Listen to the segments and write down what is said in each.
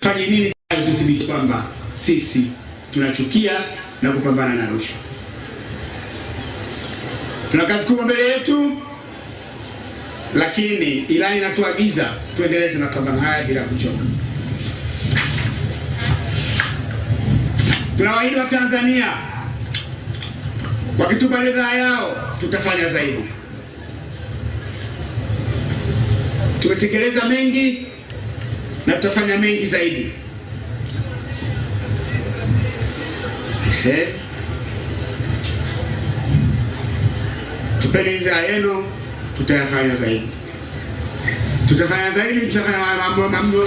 Fanye nini kuthibiti kwamba sisi tunachukia na kupambana na rushwa. Tuna kazi kubwa mbele yetu, lakini ilani inatuagiza tuendeleze mapambano haya bila kuchoka. Tunawaahidi wa Tanzania wakitupa ridhaa yao, tutafanya zaidi. Tumetekeleza mengi na tutafanya mengi zaidi. Ise, tupeni izaa yenu, tutayafanya zaidi, tutafanya zaidi, tutafanya mambo mambo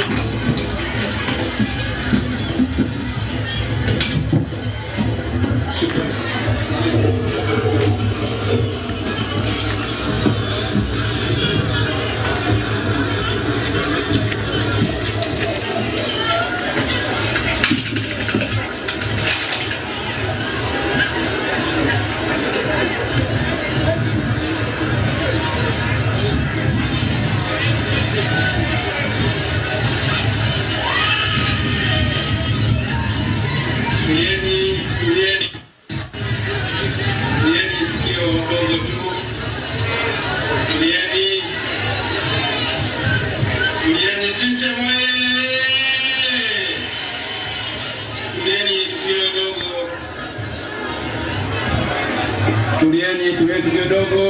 Tulieni, tulieni, tulieni tukio ndogo tu, tulieni, tulieni sisemu tulieni tukio ndogo, tulieni, tulieni tukio ndogo.